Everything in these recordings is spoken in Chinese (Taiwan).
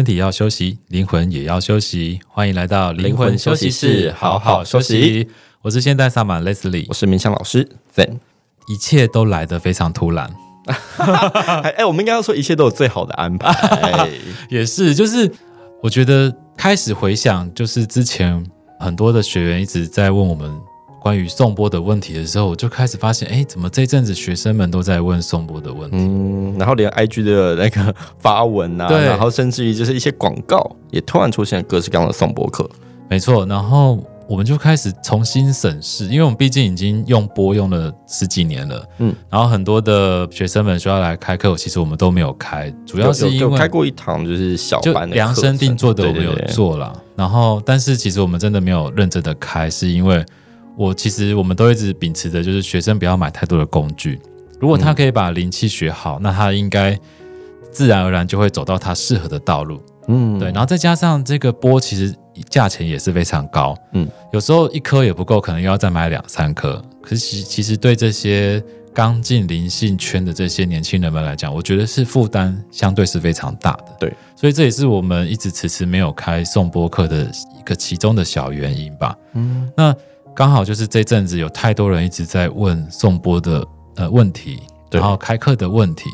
身體要休息，靈魂也要休息。歡迎來到靈魂休息室，息室好好休息。休息，我是現代薩滿 Leslie，我是明香老師。真分，一切都來得非常突然。哎、 欸，我們應該要說一切都有最好的安排。 也是，就是我覺得開始回想，就是之前很多的學員一直在問我們。關於頌缽的問題的時候，我就開始發現，哎、欸，怎麼這陣子學生們都在問頌缽的問題？嗯，然後連 IG 的那個發文吶、啊，對，然後甚至於就是一些廣告也突然出現各式各樣的頌缽課，沒錯。然後我們就開始重新審視，因為我們畢竟已經用缽用了十幾年了，嗯，然後很多的學生們說要來開課，其實我們都沒有開，主要是因為開過一堂就是小班的量身定做的我們有做啦。然後但是其實我們真的沒有認真的開，是因為。我其實我們都一直秉持着，就是學生不要買太多的工具。如果他可以把靈氣學好，嗯、那他應該自然而然就會走到他適合的道路。嗯，對。然後再加上這個缽，其實價錢也是非常高。嗯，有時候一顆也不夠，可能又要再買兩三顆。可是其實對這些剛進靈性圈的這些年輕人們來講，我覺得是負擔相對是非常大的。對，所以這也是我們一直遲遲沒有開頌缽課的一個其中的小原因吧。嗯，那。剛好就是這陣子有太多人一直在問頌缽的呃問題，然後開課的問題，對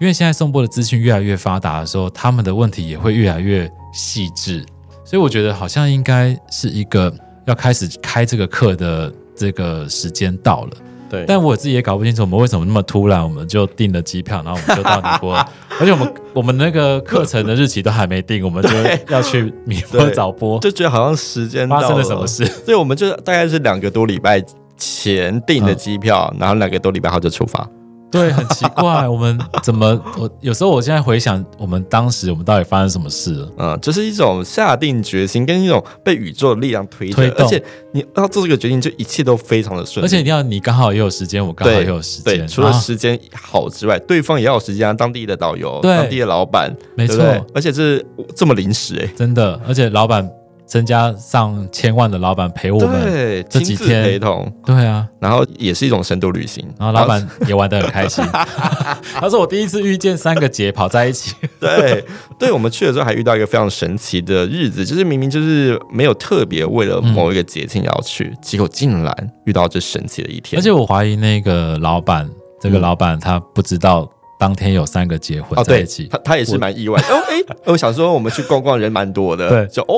因為現在頌缽的資訊越來越發達的時候，他們的問題也會越來越細緻，所以我覺得好像應該是一個要開始開這個課的這個時間到了。對，但我自己也搞不清楚我們為什麼那麼突然，我們就訂了機票，然後我們就到尼泊爾了，了 而且我們我們那個課程的日期都還沒定， 我們就要去尼泊爾找缽，就覺得好像時間發生了什麼事。所以我們就大概是兩個多禮拜前訂的機票，嗯、然後兩個多禮拜後就出發。 對，很奇怪，我們怎麼我有時候我現在回想，我們當時我們到底發生什麼事？嗯，就是一種下定決心，跟一種被宇宙的力量推，推動，而且你要做這個決定，就一切都非常的順，而且一定要你剛好也有時間，我剛好也有時間，除了時間好之外，啊、對方也要有時間啊，當地的導遊，對當地的老闆，對對沒錯錯，而且是這麼臨時哎、欸，真的，而且老闆。增加上千萬的老闆陪我們這幾天，對，親自陪同，對啊，然後也是一種深度旅行，然後老闆也玩得很開心。 他說我第一次遇見三個節跑在一起。 對，對我們去的時候還遇到一個非常神奇的日子，就是明明就是沒有特別為了某一個節慶要去，嗯、結果竟然遇到這神奇的一天。而且我懷疑那個老板，這個老板他不知道、嗯。當天有三個結婚在一起，啊、他他也是蠻意外的我 哦哎、欸，我想說我們去逛逛人蠻多的，對，就哦，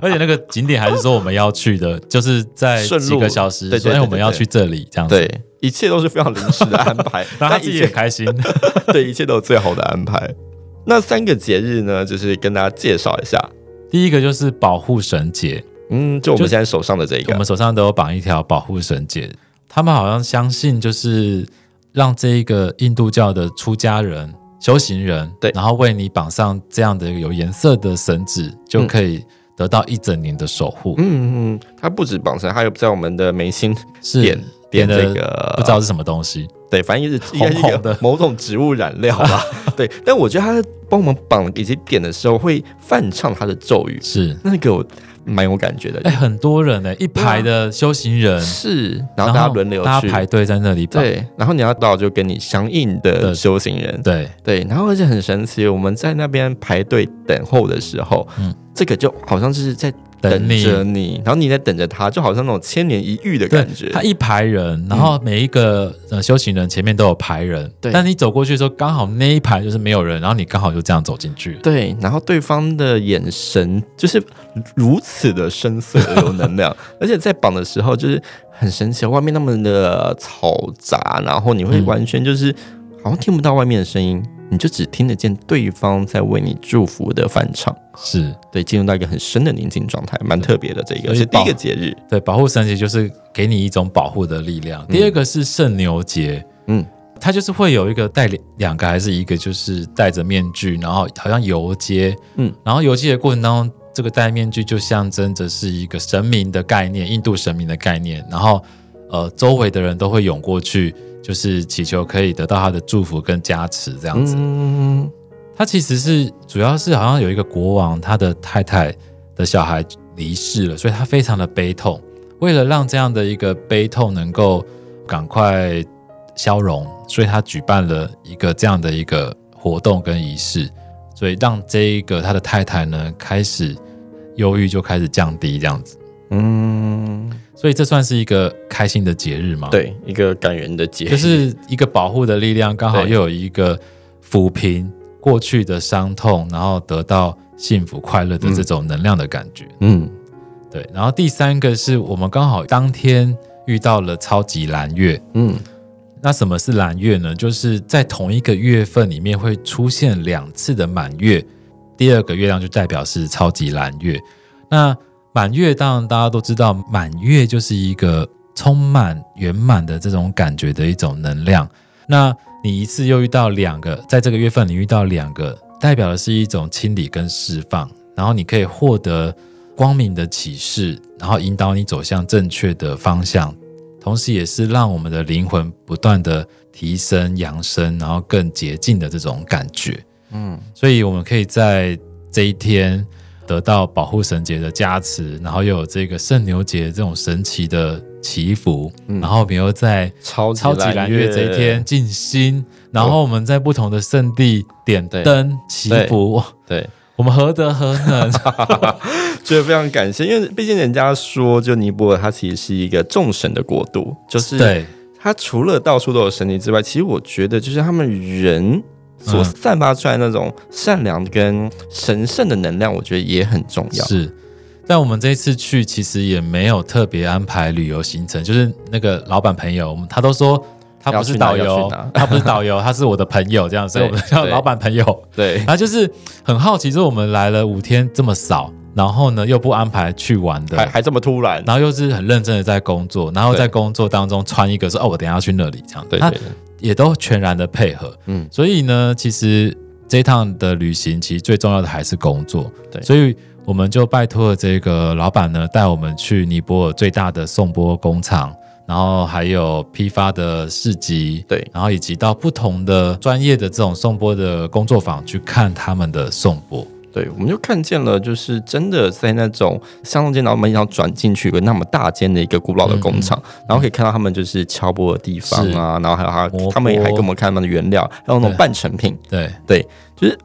而且那個景點還是說我們要去的，啊、就是在幾個小時，所以我們要去這裡這樣子，對，對，對，對，對,對，一切都是非常臨時的安排。那他自己也開心，對，一切都是最好的安排。 那三個節日呢，就是跟大家介紹一下，第一個就是保護繩節，嗯，就我們現在手上的這一個，我們手上都有綁一條保護繩節，他們好像相信就是。讓這一個印度教的出家人、修行人，對，然後為你綁上這樣的一個有顏色的繩子，就可以得到一整年的守護。嗯。嗯嗯，他不止綁繩，他又在我們的眉心點是點這個，不知道是什麼東西。對，反正也是應該是某種植物染料吧。紅紅 對，但我覺得他在幫我們綁以及點的時候，會梵唱他的咒語。是，那個我。蠻有感覺的，哎、欸，很多人哎、欸，一排的修行人、啊、是，然後大家輪流去，去排隊在那裡等對，然後你要到就跟你相應的修行人對對、對，然後而且很神奇，我們在那邊排隊等候的時候，嗯，這個就好像就是在。等着你，你然後你在等着他，就好像那種千年一遇的感覺。他一排人，然後每一個呃修行人前面都有排人，嗯、但你走過去的時候，剛好那一排就是沒有人，然後你剛好就這樣走進去。對。然後對方的眼神就是如此的深邃有能量， 而且在綁的時候就是很神奇，外面那麼的嘈雜，然後你會完全就是好像聽不到外面的聲音。你就只聽得見對方在為你祝福的梵唱，是對進入到一個很深的寧靜狀態，蠻特別的。這個對是第一個節日，對，保護神節就是給你一種保護的力量。嗯、第二個是聖牛節，嗯，它就是會有一個戴兩個還是一個，就是戴着面具，然後好像遊街，嗯，然後遊街的過程當中，這個戴面具就象徵着是一個神明的概念，印度神明的概念，然後呃，周圍的人都會湧過去。就是祈求可以得到他的祝福跟加持這樣子。他其實是主要是好像有一個國王，他的太太的小孩離世了，所以他非常的悲痛。為了讓這樣的一個悲痛能夠趕快消融，所以他舉辦了一個這樣的一個活動跟儀式，所以讓這一個他的太太呢開始憂鬱就開始降低這樣子。嗯，所以這算是一個開心的節日嗎？對，一個感人的節日，就是一個保護的力量，剛好又有一個撫平對過去的傷痛，然後得到幸福快樂的這種能量的感覺。嗯，嗯對。然後第三個是我們剛好當天遇到了超級藍月。嗯，那什麼是藍月呢？就是在同一個月份裡面會出現兩次的滿月，第二個月亮就代表是超級藍月。那滿月，當然大家都知道，滿月就是一個充滿圓滿的這種感覺的一種能量。那你一次又遇到兩個，在這個月份你遇到兩個，代表的是一種清理跟釋放，然後你可以獲得光明的啟示，然後引導你走向正確的方向，同時也是讓我們的靈魂不斷的提升、揚升，然後更潔淨的這種感覺。嗯，所以我們可以在這一天。得到保護繩節的加持，然後又有這個聖牛節這種神奇的祈福，嗯、然後比如在超級藍月，超級藍月這一天靜心，哦、然後我們在不同的聖地點燈對祈福，對，對 我們何德何能？所以非常感謝，因為畢竟人家說，就尼泊爾它其實是一個眾神的國度，就是對它除了到處都有神靈之外，其實我覺得就是他們人。所散發出來那種善良跟神聖的能量，我覺得也很重要。嗯，是，但我們這一次去其實也沒有特別安排旅遊行程，就是那個老闆朋友，他都說他不是導遊， 他不是導遊，他是我的朋友，這樣，對所以我們叫老闆朋友。對，然後就是很好奇，就我們來了五天這麼少，然後呢又不安排去玩的，還還這麼突然，然後又是很認真的在工作，然後在工作當中穿一個說對哦，我等一下要去那裡這樣子。對對對也都全然的配合，嗯，所以呢，其實這趟的旅行，其實最重要的還是工作，對，所以我們就拜托了這個老闆呢，帶我們去尼泊爾最大的頌缽工廠，然後還有批發的市集，對，然後以及到不同的專業的這種頌缽的工作坊去看他們的頌缽。對，我們就看見了，就是真的在那種巷弄中間，然後我們要轉進去一個那麼大間的一個古老的工廠，嗯嗯、然後可以看到他們就是敲缽的地方啊，是然後還有他，波他們也還給我們看他們的原料，還有那種半成品。對對，對，就是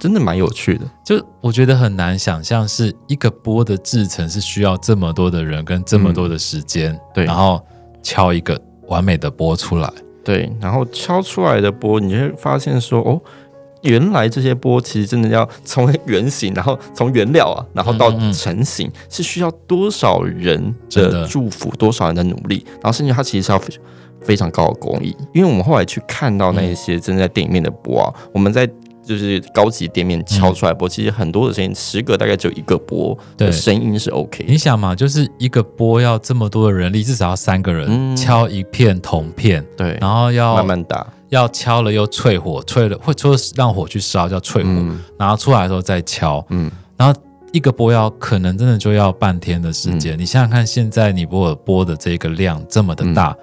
真的蠻有趣的。就我覺得很難想象，是一個缽的製程是需要這麼多的人跟這麼多的時間，嗯，對，然後敲一個完美的缽出來，對，然後敲出來的缽，你會發現說哦。原來這些缽其實真的要從原型，然後從原料啊，然後到成型，嗯嗯嗯是需要多少人的祝福，的多少人的努力，然後甚至它其實是要非常高的工藝。因為我們後來去看到那一些正在店裡面的缽啊，嗯、我們在就是高級店面敲出來的缽，嗯、其實很多的聲音，十個大概只有一個缽的聲音是 OK。你想嘛，就是一個缽要這麼多的人力，至少要三個人、嗯、敲一片銅片，對，然後要慢慢打。要敲了又淬火，淬了會就讓火去燒，叫淬火，嗯、然後出來的時候再敲，嗯，然後一個缽要可能真的就要半天的時間。嗯、你想想看，現在尼泊爾缽的這個量這麼的大，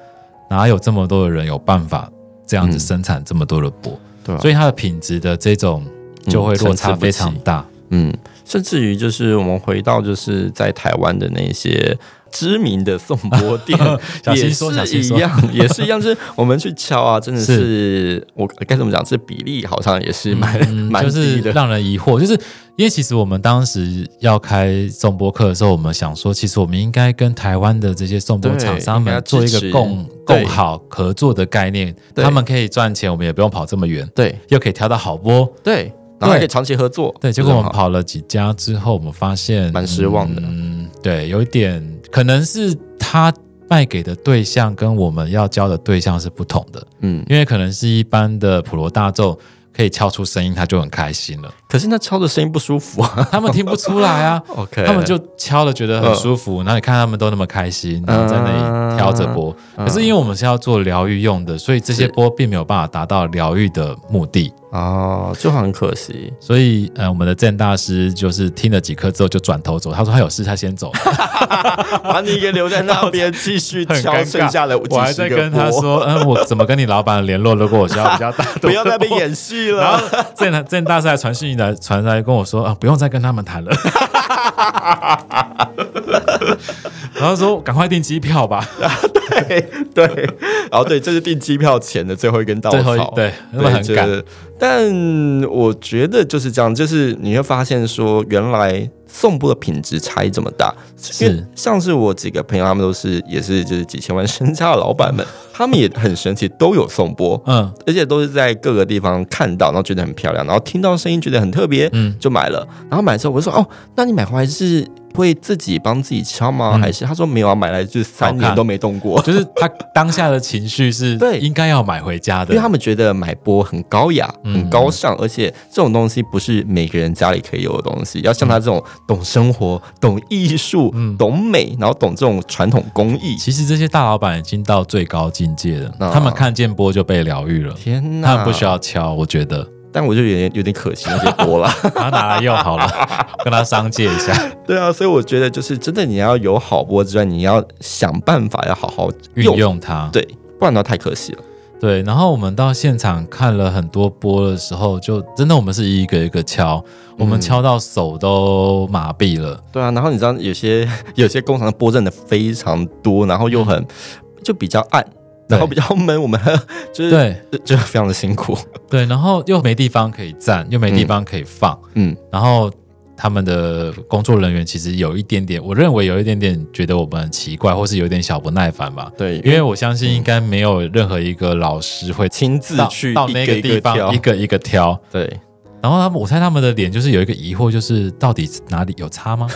嗯、哪有這麼多的人有辦法這樣子生產這麼多的缽、嗯。對、啊，所以它的品質的這種就會落差非常大，嗯，甚至，嗯甚至於就是我們回到就是在台灣的那些。知名的頌缽店也是一樣，也是一樣，就是我們去敲啊，真的是我該怎麼講？這比例好像也是蠻，就是讓人疑惑。就是因為其實我們當時要開頌缽課的時候，我們想說，其實我們應該跟台灣的這些頌缽廠商們做一個共共好合作的概念，他們可以賺錢，我們也不用跑這麼遠，對，又可以挑到好缽，對，然後可以長期合作，對。結果我們跑了幾家之後，我們發現蠻失望的，嗯，對，有一點。可能是他賣給的對象跟我們要教的對象是不同的，嗯，因為可能是一般的普羅大眾可以敲出聲音，他就很開心了。可是那敲的聲音不舒服、啊， 他們聽不出來啊。OK，他們就敲的覺得很舒服。然後你看他們都那麼開心，然後在那裡敲着缽。可是因為我們是要做療癒用的，所以這些缽並沒有辦法達到療癒的目的。哦，就很可惜。所以呃，我們的鄭大師就是聽了幾顆之後就轉頭走，他說他有事，他先走。把、 啊、你也留在那邊繼續敲剩下的。 我還在跟他說，嗯，我怎麼跟你老闆聯絡？如果我需要比較大，不要在那邊演戲了。鄭鄭大師還傳訊你。傳來跟我說啊，不用再跟他們談了， 然後說趕快訂機票吧， 啊、對對，然後對，這、就是訂機票前的最後一根稻草，對，他們很趕，但我覺得就是這樣，就是你會發現說原來。頌缽的品質差異這麼大，是像是我幾個朋友，他們都是也是就是幾千萬身家的老闆們，他們也很神奇，都有頌缽，嗯，而且都是在各個地方看到，然後覺得很漂亮，然後聽到聲音覺得很特別，嗯，就買了，然後買之後我就說，哦，那你買回來是？會自己幫自己敲嗎？嗯、還是他說沒有啊，買來就三年都沒動過，就是他當下的情緒是對，應該要買回家的，因為他們覺得買缽很高雅，嗯、很高尚，而且這種東西不是每個人家裡可以有的東西，要像他這種，嗯、懂生活，懂藝術，嗯、懂美，然後懂這種傳統工藝。其實這些大老闆已經到最高境界了，那他們看見缽就被療癒了，天哪他們不需要敲，我覺得。但我就有點有點可惜，那些缽了，拿 拿來用好了， 跟他商借一下。對啊，所以我覺得就是真的，你要有好缽之外，你要想辦法要好好運用,用它，對，不然的話太可惜了。對，然後我們到現場看了很多缽的時候，就真的我們是一個一個敲，我們敲到手都麻痹了。嗯、對啊，然後你知道有些有些工廠的缽真的非常多，然後又很、嗯、就比較暗。然後比較悶，我們還就是對，就非常的辛苦，對，然後又沒地方可以站，又沒地方可以放，嗯，嗯然後他們的工作人員其實有一點點，我認為有一點點覺得我們很奇怪，或是有一點小不耐煩吧，對，因為我相信應該沒有任何一個老師會親自去到，到那個地方一個一個挑，對。然後他我猜他們的臉就是有一個疑惑，就是到底哪裡有差嗎？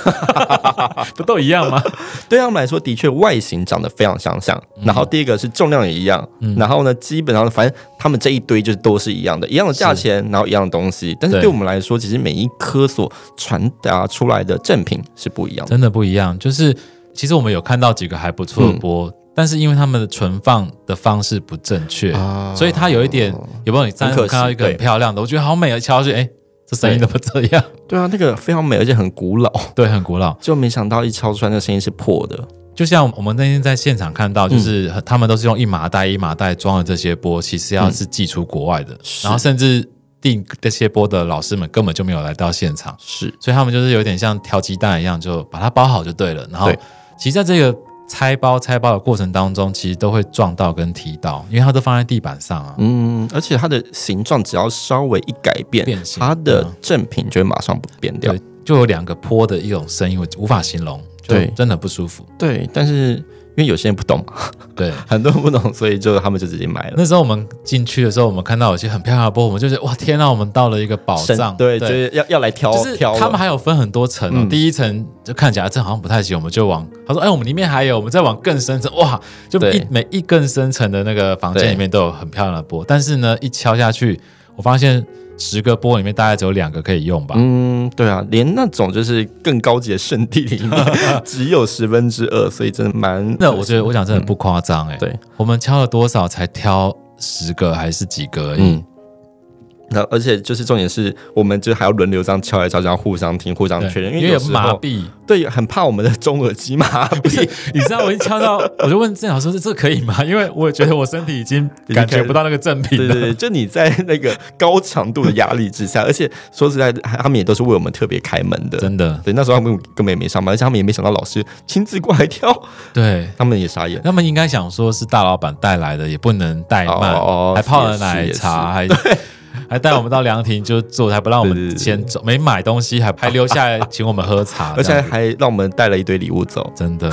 不都一樣嗎？ 對他們來說，的確外形長得非常相像。然後第一個是重量也一樣，嗯、然後呢，基本上反正他們這一堆就是都是一樣的，一樣的價錢，是然後一樣的東西。但是對我們來說，對其實每一顆所傳達出來的正品是不一樣，真的不一樣。就是其實我們有看到幾個還不錯的缽但是因為他們的存放的方式不正確，啊、所以它有一點、啊、有沒有？你上次看到一個很漂亮的，我覺得好美啊！敲下去，哎、欸，這聲音怎麼這樣？對。對啊，那個非常美，而且很古老。對，很古老。就沒想到一敲出來，那個聲音是破的。就像我們那天在現場看到，就是他們都是用一麻袋一麻袋裝的這些缽，其實要是寄出國外的，嗯、然後甚至訂這些缽的老師們根本就沒有來到現場，是。所以他們就是有點像挑雞蛋一樣，就把它包好就對了。然後，其實在這個。拆包拆包的過程當中，其實都會撞到跟踢到，因為它都放在地板上啊。嗯，而且它的形狀只要稍微一改變，變性它，它的正品就會馬上不變掉，嗯啊、就有兩個缽的一種聲音，我無法形容，對，真的不舒服。對，對，但是。因為有些人不懂，對，對，很多人不懂，所以就他們就直接買了。那時候我們進去的時候，我們看到有些很漂亮的缽，我們就覺得哇，天啊，我們到了一個寶藏，對，就是要要來挑挑。是他們還有分很多層，喔，嗯、第一層就看起來這好像不太行，我們就往他說，哎、欸，我們裡面還有，我們再往更深層，哇，就一對每一更深層的那個房間裡面都有很漂亮的缽，對但是呢，一敲下去，我發現。十個缽裡面大概只有兩個可以用吧？嗯，對啊，連那種就是更高級的聖地裡面 只有十分之二，所以真的蠻……那我覺得，我想真的不誇張誒，對，我們挑了多少才挑十個還是幾個而已？嗯那而且就是重點是，我們就還要輪流這樣敲來敲去，這樣互相聽、互相確認，因為有點麻痹，對，很怕我們的中耳肌麻痺。不是，你知道我一敲到，我就問鄭老師：“這可以嗎？”因為我覺得我身體已經感覺不到那個正品了。對對，就你在那個高強度的壓力之下，而且說實在，他們也都是為我們特別開門的，真的。對，那時候他們根本也沒上班，而且他們也沒想到老師親自過來挑。對，他們也傻眼，他們應該想說是大老闆帶來的，也不能怠慢，還泡了奶茶，還。還帶我們到涼亭就坐 對，還不讓我們先走，沒買東西還還留下來請我們喝茶， 而且還讓我們帶了一堆禮物走，真的。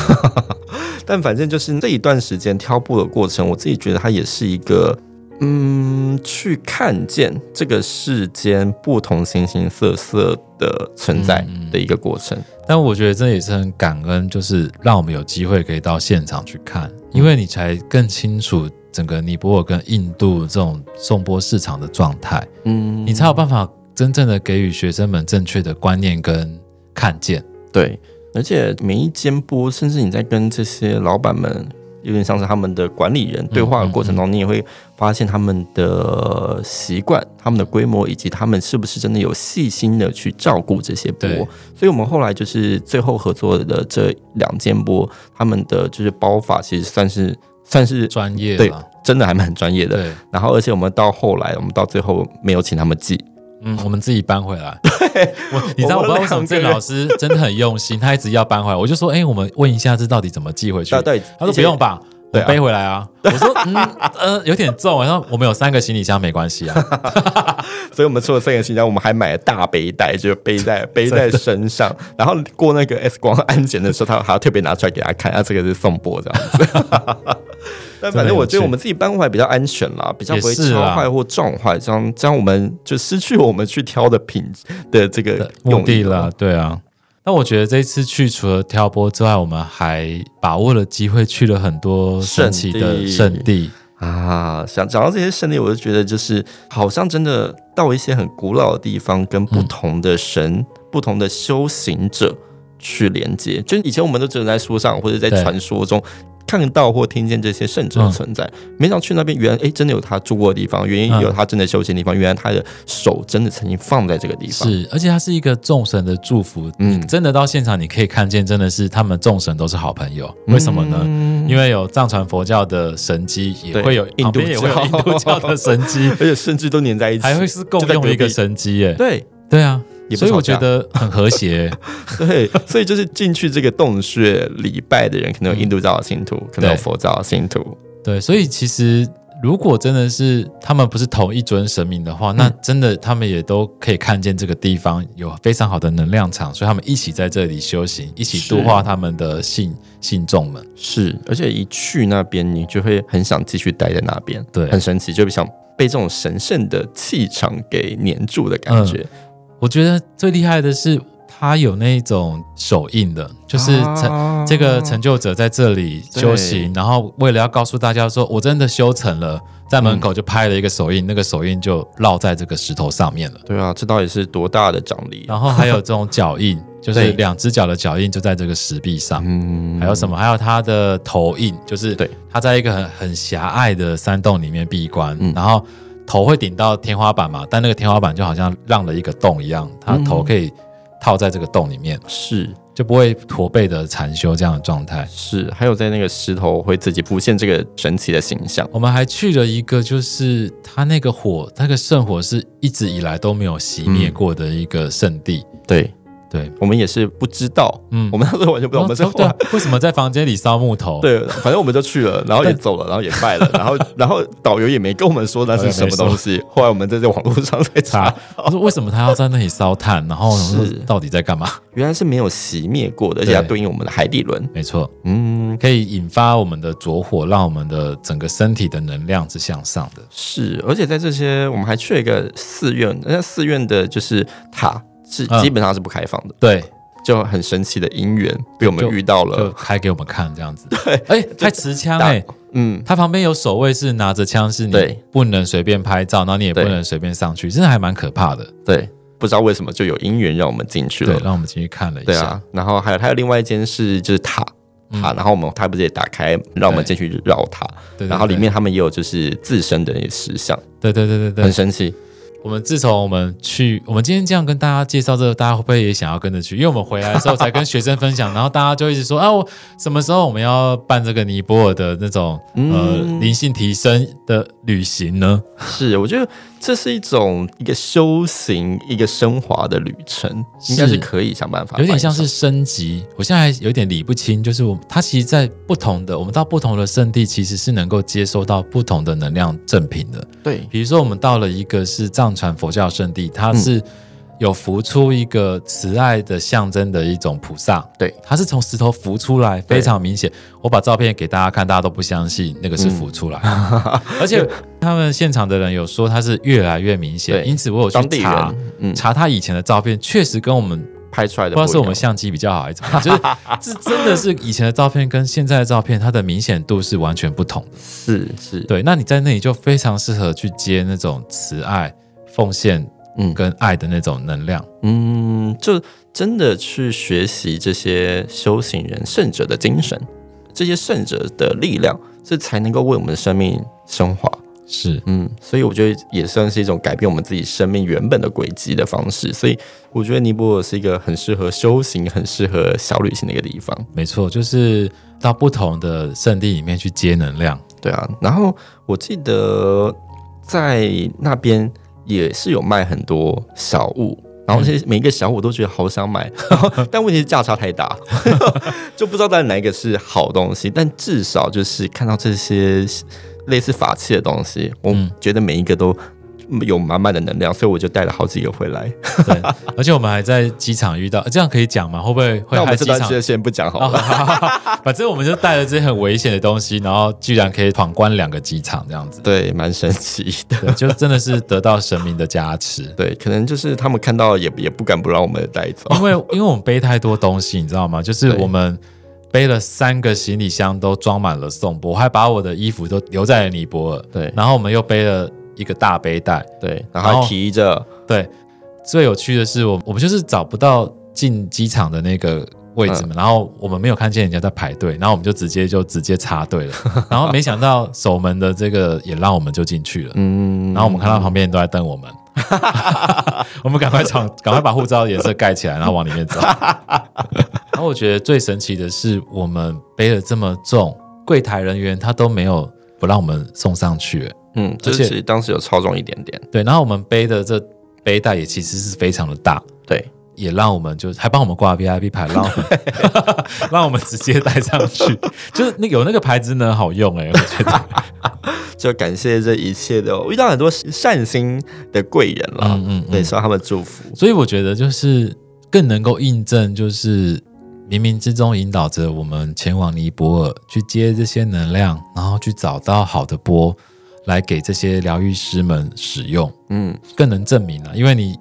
但反正就是這一段時間挑缽的過程，我自己覺得它也是一個嗯，去看見這個世間不同形形色色的存在的一個過程。嗯嗯、但我覺得這也是很感恩，就是讓我們有機會可以到現場去看，因為你才更清楚、嗯。整個尼泊爾跟印度這種頌缽市場的狀態，嗯，你才有辦法真正的給予學生們正確的觀念跟看見。對，而且每一間缽，甚至你在跟這些老闆們，有點像是他們的管理人、嗯、對話的過程中，嗯嗯、你也會發現他們的習慣、他們的規模以及他們是不是真的有細心的去照顧這些缽。對所以，我們後來就是最後合作的這兩間缽，他們的就是包法，其實算是算是專業了，啊。真的還蠻專業的，然後而且我們到後來，我們到最後沒有請他們寄，嗯，我們自己搬回來。我你知道我不知道為什麼這個老師真的很用心，他一直要搬回來。我就說，哎，我們問一下這到底怎麼寄回去？對，他說不用吧，我背回來啊。我說，嗯，呃，有點重，然後我們有三個行李箱，沒關係啊。所以，我們除了三個行李箱，我們還買了大背帶，就背在背在身上。然後過那個 X 光安檢的時候，他還特別拿出來給他看，啊，這個是頌缽這樣子。但反正我覺得我們自己搬回來比較安全啦，比較不會挑壞或撞壞，這樣、啊、這樣我們就失去我們去挑的品質的這個目的了，對啊。那我覺得這一次去除了挑缽之外，我們還把握了機會去了很多神奇的聖地、地啊！想講到這些聖地，我就覺得就是好像真的到一些很古老的地方，跟不同的神、嗯、不同的修行者去連接，就以前我們都只能在書上或者在傳說中看到或聽見這些聖者的存在，嗯、沒想到去那邊原來、欸，真的有他住過的地方，原因有他真的修行的地方，嗯、原來他的手真的曾經放在這個地方。是，而且他是一個眾神的祝福，嗯，真的到現場你可以看見，真的是他們眾神都是好朋友，為什麼呢？嗯、因為有藏傳佛教的神跡，也會有印度也會有印度教的神跡，而且甚至都黏在一起，還會是共用一個神跡，哎，對對啊。所以我覺得很和諧、欸， 對， 所以就是進去這個洞穴禮拜的人，可能有印度教的信徒，嗯、可能有佛教的信徒，對，對，所以其實如果真的是他們不是同一尊神明的話，嗯、那真的他們也都可以看見這個地方有非常好的能量場，所以他們一起在這裡修行，一起度化他們的信是 信眾眾們。是，而且一去那邊，你就會很想繼續待在那邊，對，很神奇，就比較被這種神聖的氣場給黏住的感覺。嗯我覺得最厲害的是他有那種手印的，就是、啊、這個成就者在這裡修行，對然後為了要告訴大家說我真的修成了，在門口就拍了一個手印，嗯、那個手印就烙在這個石頭上面了。對啊，這到底是多大的獎勵、啊？然後還有這種腳印，就是兩隻腳的腳印就在這個石壁上。嗯對，還有什麼？還有他的頭印，就是他在一個很很狹隘的山洞裡面閉關，對然後。頭會頂到天花板嘛？但那個天花板就好像讓了一個洞一樣，他頭可以套在這個洞裡面，嗯、是就不會駝背的禪修這樣的狀態。是，還有在那個石頭會自己浮現這個神奇的形象。我們還去了一個，就是他那個火，那個聖火是一直以來都沒有熄滅過的一個聖地，嗯。對。對，我們也是不知道，嗯，我們那時候完全不知道。我們說，對，為什麼在房間裡燒木頭？對，反正我們就去了，然後也走了，但然後也拜了，然後然後導遊也沒跟我們說那是什麼東西。後來我們在這網絡上在查、查，他說，為什麼他要在那裡燒炭？然後是到底在幹嘛？原來是沒有熄滅過的，而且它對應我們的海底輪，沒錯，嗯，可以引發我們的拙火，讓我們的整個身體的能量是向上的。是，而且在這些，我們還去了一個寺院，那寺院的就是塔。是基本上是不開放的，對，就很神奇的因緣被我們遇到了，還給我們看這樣子，對，哎，還持槍哎，嗯，他旁邊有守衛是拿着槍，是你不能隨便拍照，然後你也不能隨便上去，真的還蠻可怕的，對，不知道為什麼就有因緣讓我們進去了，對，讓我們進去看了一下，對啊，然後還有還有另外一間是就是塔啊，然後我們他不是也打開讓我們進去繞塔，對，然後裡面他們也有就是自身的那個石像，對對對對對，很神奇。我們自從我們去，我們今天這樣跟大家介紹這個，大家會不會也想要跟着去？因為我們回來的時候才跟學生分享， 然後大家就一直說啊，我什麼時候我們要辦這個尼泊爾的那種、嗯、呃靈性提升的旅行呢？是，我覺得。這是一種一個修行，一個昇華的旅程，是應該是可以想辦法、辦法。有點像是升級。我現在還有點理不清，就是它其實，在不同的我們到不同的聖地，其實是能夠接收到不同的能量振頻的。對，比如說我們到了一個是藏傳佛教聖地，它是、嗯。有浮出一個慈愛的象徵的一種菩薩，對，它是從石頭浮出來，對非常明顯。我把照片給大家看，大家都不相信那個是浮出來。嗯、而且他們現場的人有說它是越來越明顯，對因此我有去查查他以前的照片，確、嗯、實跟我們拍出來的，或是我們相機比較好，還是怎麼樣？ 就是這真的是以前的照片跟現在的照片，它的明顯度是完全不同。是，是，對。那你在那裡就非常適合去接那種慈愛、奉獻。嗯，跟愛的那種能量，嗯，就真的去學習這些修行人、聖者的精神，這些聖者的力量，這才能夠為我們的生命升華。是，嗯，所以我覺得也算是一種改變我們自己生命原本的軌跡的方式。所以我覺得尼泊爾是一個很適合修行、很適合小旅行的一個地方。沒錯，就是到不同的聖地裡面去接能量。對啊，然後我記得在那邊，也是有賣很多小物，然後這每一個小物我都覺得好想買，呵呵，但問題是價差太大， 就不知道到底哪一個是好東西，但至少就是看到這些類似法器的東西，我覺得每一個都。有滿滿的能量，所以我就帶了好幾個回來。 對，而且我們還在機場遇到，這樣可以講嗎？會不會，會？那我們機場先先不講好了、 哦好好好。反正我們就帶了這些很危險的東西，然後居然可以闖關兩個機場，這樣子對，蠻神奇的對。就真的是得到神明的加持。對，可能就是他們看到也也不敢不讓我們帶走，因為因為我們背太多東西，你知道嗎？就是我們背了三個行李箱都裝滿了送，頌缽我還把我的衣服都留在了尼泊爾。對，對然後我們又背了。一個大背帶，對，然後，然後提着，對。最有趣的是我，我我們就是找不到進機場的那個位置嘛，嗯，然後我們沒有看見人家在排隊，然後我們就直接就直接插隊了， 然後沒想到守門的這個也讓我們就進去了，嗯，然後我們看到旁邊人都在瞪我們， 我們趕快搶，趕快把護照顏色蓋起來，然後往裡面走。 然後我覺得最神奇的是，我們背得這麼重，櫃檯人員他都沒有不讓我們送上去。嗯，就是當時有超重一點點，對。然後我們背的這背帶也其實是非常的大，對，也讓我們就還幫我們掛 VIP 牌讓我們，讓對 讓我們直接帶上去， 就是那個、有那個牌子呢，好用哎、欸，我覺得。 就感謝這一切的，遇到很多善心的貴人了，嗯，嗯，嗯對，對，受他們的祝福，所以我覺得就是更能夠印證，就是冥冥之中引導着我們前往尼泊爾去接這些能量，然後去找到好的缽。來給這些療癒師們使用，嗯，更能證明了、啊，因為你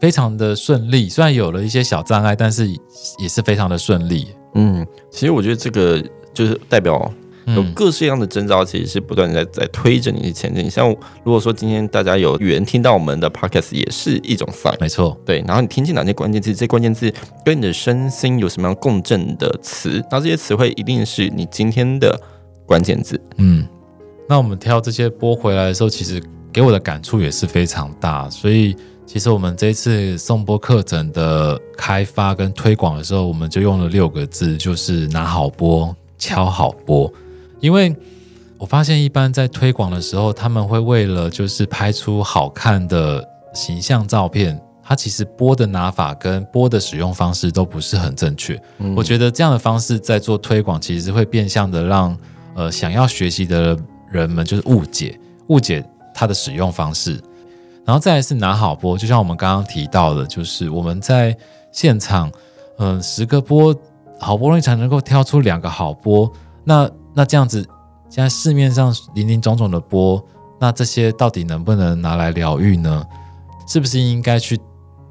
非常的順利，雖然有了一些小障礙，但是也是非常的順利，嗯，其實我覺得這個就是代表有各式各樣的徵兆，其實是不斷在、嗯、在推着你的前進。像如果說今天大家有緣聽到我們的 podcast，也是一種 fun，沒錯，對。然後你聽見哪些關鍵字？這關鍵字跟你的身心有什麼樣共振的詞？那這些詞彙一定是你今天的關鍵字。嗯。那我們挑這些缽回來的時候，其實給我的感觸也是非常大。所以，其實我們這一次頌缽課程的開發跟推廣的時候，我們就用了六個字，就是拿好缽，敲好缽。因為我發現，一般在推廣的時候，他們會為了就是拍出好看的形象照片，它其實缽的拿法跟缽的使用方式都不是很正確。嗯、我覺得這樣的方式在做推廣，其實會變相的讓呃想要學習的。人們就是誤解，誤解它的使用方式，然後再來是拿好缽，就像我們剛剛提到的，就是我們在現場，嗯、呃，十個缽好不容易才能夠挑出兩個好缽，那那這樣子，現在市面上林林總總的缽，那這些到底能不能拿來療癒呢？是不是應該去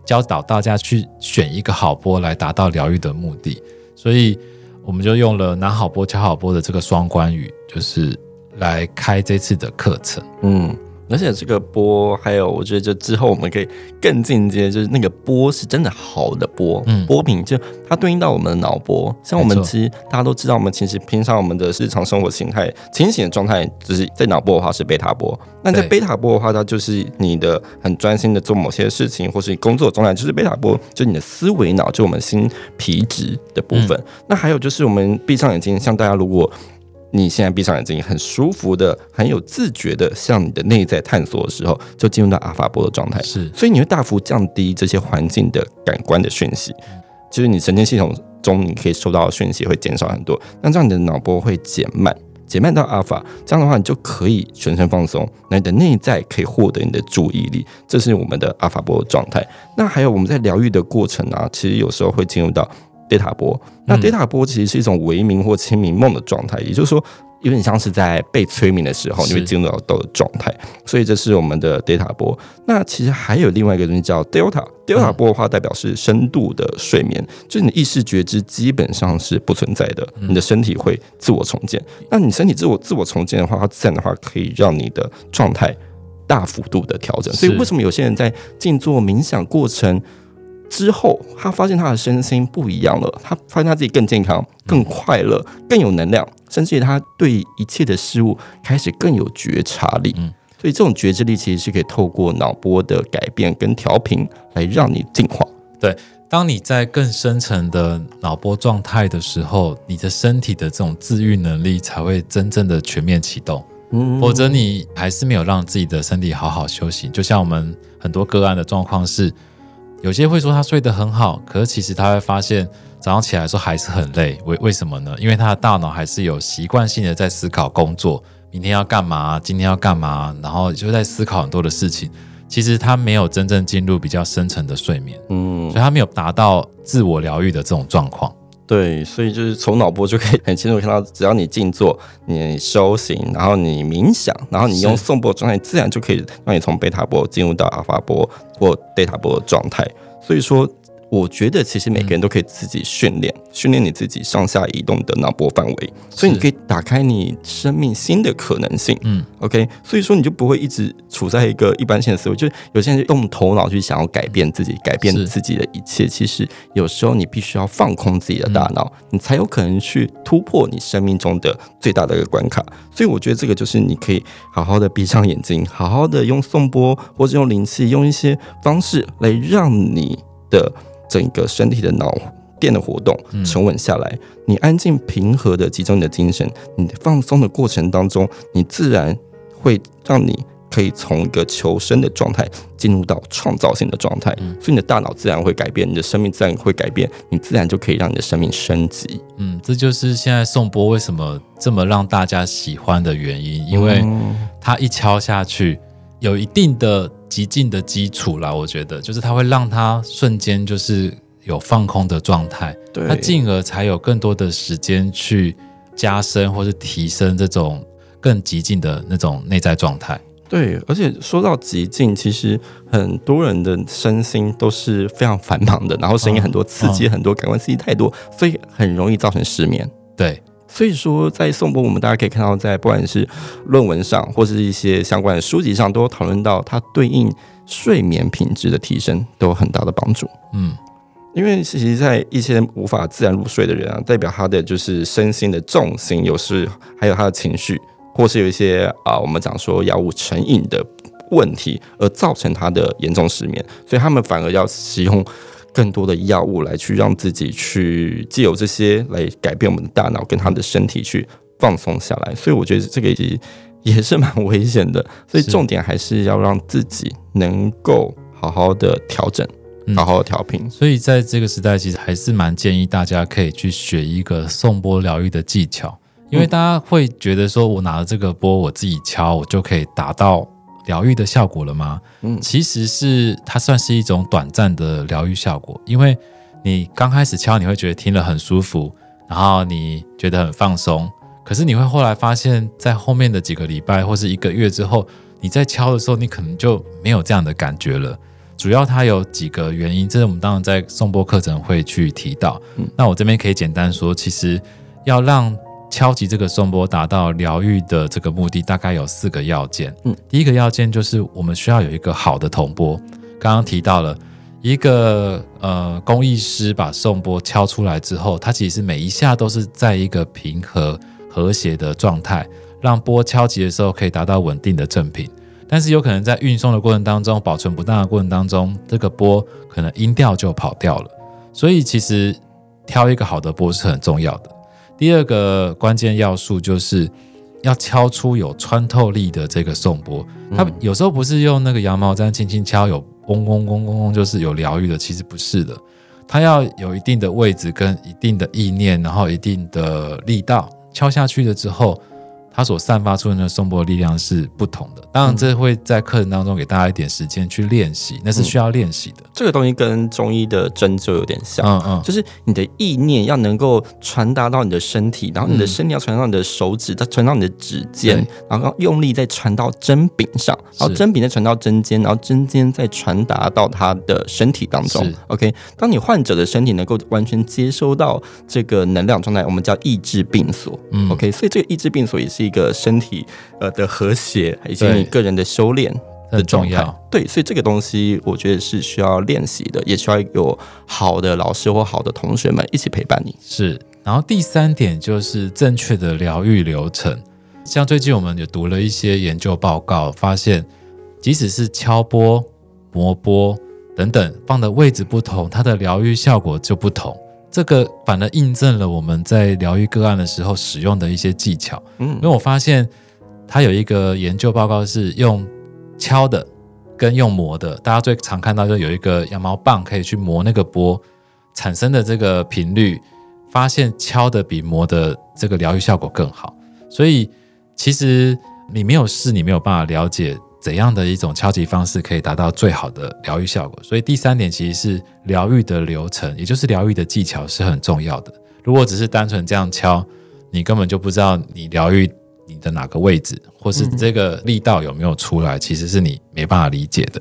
教導大家去選一個好缽來達到療癒的目的？所以我們就用了“拿好缽，敲好缽”的這個雙關語，就是。來開這次的課程，嗯，而且這個波，還有我覺得就之後我們可以更進階，就是那個波是真的好的波，波頻、嗯、就它對應到我們的腦波。像我們其實大家都知道，我們其實平常我們的日常生活形態，清醒的狀態，就是在腦波的話是貝塔波。那、嗯、在貝塔波的話，它就是你的很專心的做某些事情，或是你工作狀態，就是貝塔波，就你的思維腦，就我們新皮質的部分。嗯、那還有就是我們閉上眼睛，像大家如果。你現在閉上眼睛，很舒服的，很有自覺的向你的內在探索的時候，就進入到阿爾法波的狀態。是，所以你會大幅降低這些環境的感官的訊息，就是你神經系統中你可以收到的訊息會減少很多。那這樣你的腦波會減慢，減慢到阿爾法，這樣的話你就可以全身放鬆，那你的內在可以獲得你的注意力，這是我們的阿爾法波的狀態。那還有我們在療癒的過程啊，其實有時候會進入到。d a t a 波，那 d a t a 波其實是一種微名、或清明夢的狀態，嗯、也就是說，有點像是在被催眠的時候，你會進入到的狀態，是 所以這是我們的 d a t a 波。那其實還有另外一個東西叫 delta，delta 波的話代表是深度的睡眠，嗯、就是你意識覺知基本上是不存在的，你的身體會自我重建。嗯、那你身體自我自我重建的話，它自然的話可以讓你的狀態大幅度的調整。是 所以為什麼有些人在靜坐冥想過程，之後，他發現他的身心不一樣了，他發現他自己更健康、更快樂、更有能量，甚至於他對一切的事物開始更有覺察力。嗯，所以這種覺知力其實是可以透過腦波的改變跟調頻來讓你進化。對，當你在更深層的腦波狀態的時候，你的身體的這種自癒能力才會真正的全面啟動。嗯嗯嗯，否則你還是沒有讓自己的身體好好休息。就像我們很多個案的狀況是。有些會說他睡得很好，可是其實他會發現早上起來說還是很累，為為什麼呢？因為他的大腦還是有習慣性的在思考工作，明天要幹嘛？今天要幹嘛？然後就在思考很多的事情。其實他沒有真正進入比較深層的睡眠，嗯，所以他沒有達到自我療癒的這種狀況。對，所以就是從腦波就可以很清楚看到，只要你靜坐，你修行，然後你冥想，然後你用頌缽的狀態，是自然就可以讓你從貝塔波進入到阿法波或貝塔波的狀態。所以說，我覺得其實每個人都可以自己訓練，訓練、嗯、你自己上下移動的腦波範圍，是所以你可以打開你生命新的可能性。嗯，OK，所以說你就不會一直處在一個一般性的思維，就是有些人用頭腦去想要改變自己，嗯、改變自己的一切。是其實有時候你必須要放空自己的大腦，嗯、你才有可能去突破你生命中的最大的一個關卡。所以我覺得這個就是你可以好好的閉上眼睛，好好的用頌缽或者用靈氣，用一些方式來讓你的。整個身體的腦電的活動沉穩下來，嗯、你安靜平和的集中你的精神，你放鬆的過程當中，你自然會讓你可以從一個求生的狀態進入到創造性的狀態，嗯、所以你的大腦自然會改變，你的生命自然會改變，你自然就可以讓你的生命升級。嗯，這就是現在頌缽為什麼這麼讓大家喜歡的原因，因為它一敲下去。嗯有一定的極靜的基礎了，我覺得就是它會讓他瞬間就是有放空的狀態，對它進而才有更多的時間去加深或是提升這種更極靜的那種內在狀態。對，而且說到極靜，其實很多人的身心都是非常繁忙的，然後聲音很多，嗯、刺激很多，嗯、感官刺激太多，所以很容易造成失眠。對。所以說，在頌缽，我們大家可以看到，在不管是論文上或是一些相關的書籍上，都有討論到它對應睡眠品質的提升都有很大的幫助。嗯，因為其實在一些無法自然入睡的人啊，代表他的就是身心的重心，有時還有他的情緒，或是有一些啊，我們講說藥物成癮的問題，而造成他的嚴重失眠，所以他們反而要使用，更多的藥物來去讓自己去藉由這些來改變我們的大腦跟他的身體去放鬆下來，所以我覺得這個也也是蠻危險的，所以重點還是要讓自己能夠好好的調整，嗯、好好的調頻。所以在這個時代，其實還是蠻建議大家可以去學一個頌缽療癒的技巧，因為大家會覺得說，我拿着這個缽，我自己敲我就可以達到。療癒的效果了嗎？嗯，其實是它算是一種短暫的療癒效果，因為你剛開始敲，你會覺得聽了很舒服，然後你覺得很放鬆。可是你會後來發現，在後面的幾個禮拜或是一個月之後，你在敲的時候，你可能就沒有這樣的感覺了。主要它有幾個原因，這是我們當然在頌缽課程會去提到。嗯，那我這邊可以簡單說，其實要讓。敲擊這個頌缽達到療癒的這個目的，大概有四個要件。嗯，第一個要件就是我們需要有一個好的銅缽。剛剛提到了一個呃工藝師把頌缽敲出來之後，它其實是每一下都是在一個平和和諧的狀態，讓缽敲擊的時候可以達到穩定的振頻。但是有可能在運送的過程當中，保存不當的過程當中，這個缽可能音調就跑掉了。所以其實挑一個好的缽是很重要的。第二個關鍵要素就是要敲出有穿透力的這個頌缽，嗯、它有時候不是用那個羊毛氈輕輕敲，有嗡嗡嗡嗡嗡就是有療癒的，其實不是的，它要有一定的位置跟一定的意念，然後一定的力道敲下去了之後。它所散發出的那頌缽的力量是不同的。當然，這會在課程當中給大家一點時間去練習，那是需要練習的。嗯。這個東西跟中醫的針灸有點像，嗯嗯，嗯就是你的意念要能夠傳達到你的身體，然後你的身體要傳到你的手指，嗯、再傳到你的指尖，對然後用力再傳到針柄上，然後針柄再傳到針尖，然後針尖，尖再傳達到他的身體當中。是 OK，當你患者的身體能夠完全接收到這個能量狀態，我們叫意至病所。嗯，OK，所以這個意至病所也是。一個身體呃的和諧，以及你個人的修煉很重要。對，所以這個東西我覺得是需要練習的，也需要有好的老師或好的同學們一起陪伴你。是，然後第三點就是正確的療癒流程。像最近我們也讀了一些研究報告，發現即使是敲缽、磨缽等等放的位置不同，它的療癒效果就不同。這個反而印證了我們在療癒個案的時候使用的一些技巧，嗯，因為我發現他有一個研究報告是用敲的跟用磨的，大家最常看到就有一個羊毛棒可以去磨那個缽產生的這個頻率，發現敲的比磨的這個療癒效果更好，所以其實你沒有試，你沒有辦法了解，怎樣的一種敲擊方式可以達到最好的療癒效果？所以第三點其實是療癒的流程，也就是療癒的技巧是很重要的。如果只是單純這樣敲，你根本就不知道你療癒你的哪個位置，或是這個力道有沒有出來，其實是你沒辦法理解的。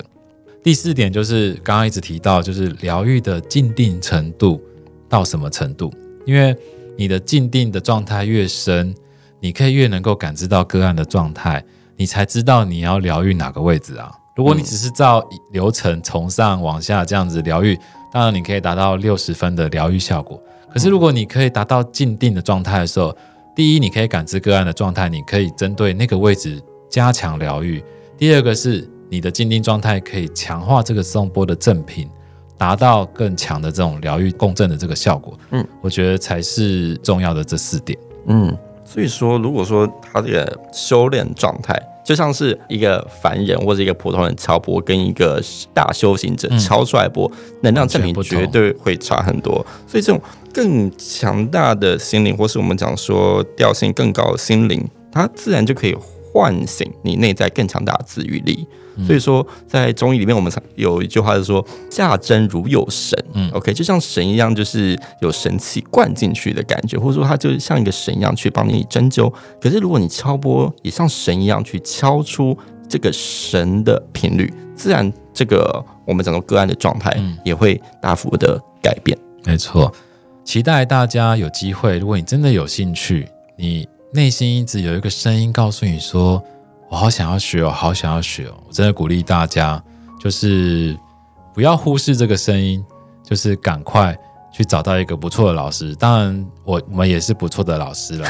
第四點就是剛剛一直提到，就是療癒的靜定程度到什麼程度？因為你的靜定的狀態越深，你可以越能夠感知到個案的狀態。你才知道你要療癒哪個位置啊。如果你只是照流程從上往下這樣子療癒，當然你可以達到六十分的療癒效果。可是如果你可以達到靜定的狀態的時候，第一，你可以感知個案的狀態，你可以針對那個位置加強療癒；第二個是你的靜定狀態可以強化這個頌缽波的振頻，達到更強的這種療癒共振的這個效果。嗯，我覺得才是重要的這四點。嗯，所以說，如果說他這個修煉狀態。就像是一個凡人或者一個普通人敲缽，跟一個大修行者敲出來缽，嗯、能量證明絕對會差很多。所以這種更強大的心靈，或是我們講說調性更高的心靈，它自然就可以喚醒你內在更強大的自癒力。所以說，在中醫裡面，我們有一句話是說，下針如有神。嗯，OK，就像神一樣，就是有神氣灌進去的感覺，或者說他就像一個神一樣去幫你針灸。可是如果你敲缽也像神一樣去敲出這個神的頻率，自然這個我們整個個案的狀態也會大幅的改變。沒錯，期待大家有機會，如果你真的有興趣，你內心一直有一個聲音告訴你說。我好想要學哦，好想要學哦！我真的鼓勵大家，就是不要忽視這個聲音，就是趕快去找到一個不錯的老師。當然，我我們也是不錯的老師了，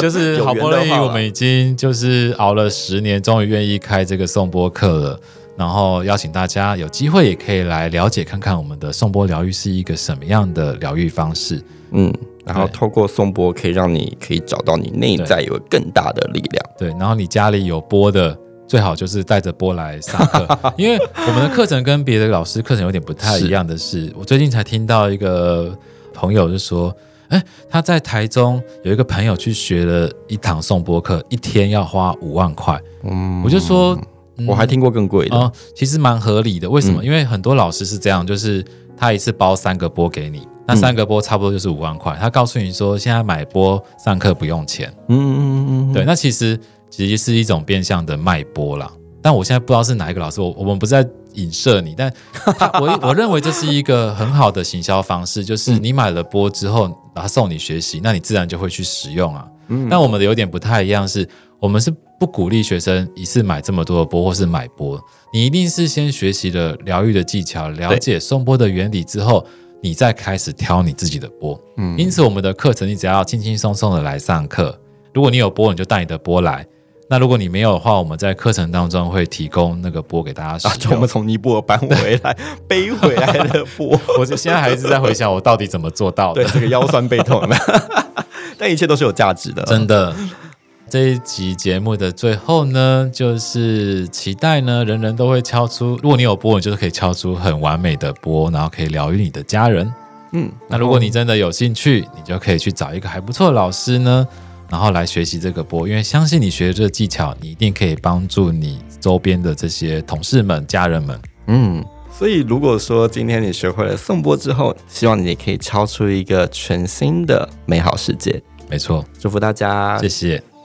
就是好不容易我們已經就是熬了十年，終於願意開這個頌缽課了。然後邀請大家有機會也可以來了解看看我們的頌缽療癒是一個什麼樣的療癒方式。嗯。然後透過頌缽可以讓你可以找到你內在有更大的力量。對，對，然後你家裡有缽的，最好就是帶着缽來上課， 因為我們的課程跟別的老師課程有點不太一樣的是，是我最近才聽到一個朋友就說，哎，他在台中有一個朋友去學了一堂頌缽課，一天要花五萬塊。嗯，我就說、嗯、我還聽過更貴的、嗯，其實蠻合理的。為什麼？嗯、因為很多老師是這樣，就是他一次包三個缽給你。那三個缽差不多就是五萬塊。嗯、他告訴你說，現在買缽上課不用錢。嗯嗯嗯，嗯對。那其實其實是一種變相的賣缽啦。但我現在不知道是哪一個老師，我我們不是在影射你，但我我認為這是一個很好的行銷方式，就是你買了缽之後，然後送你學習，那你自然就會去使用啊。嗯。但我們的有點不太一樣是，是我們是不鼓勵學生一次買這麼多的缽，或是買缽，你一定是先學習了療癒的技巧，了解頌缽的原理之後。你再開始挑你自己的缽，嗯，因此我們的課程，你只要輕輕鬆鬆的來上課。如果你有缽，你就帶你的缽來；那如果你沒有的話，我們在課程當中會提供那個缽給大家。說、啊、我們從尼泊爾搬回來 背回來的缽，我就現在還是在回想我到底怎麼做到的，對這個腰酸背痛的， 但一切都是有價值的，真的。這一集節目的最後呢，就是期待呢，人人都會敲出。如果你有缽，你就是可以敲出很完美的缽，然後可以療癒你的家人。嗯，那如果你真的有興趣，你就可以去找一個還不錯的老師呢，然後來學習這個缽。因為相信你學的這個技巧，你一定可以幫助你周邊的這些同事們、家人們。嗯，所以如果說今天你學會了頌缽之後，希望你也可以敲出一個全新的美好世界。沒錯，祝福大家，謝謝。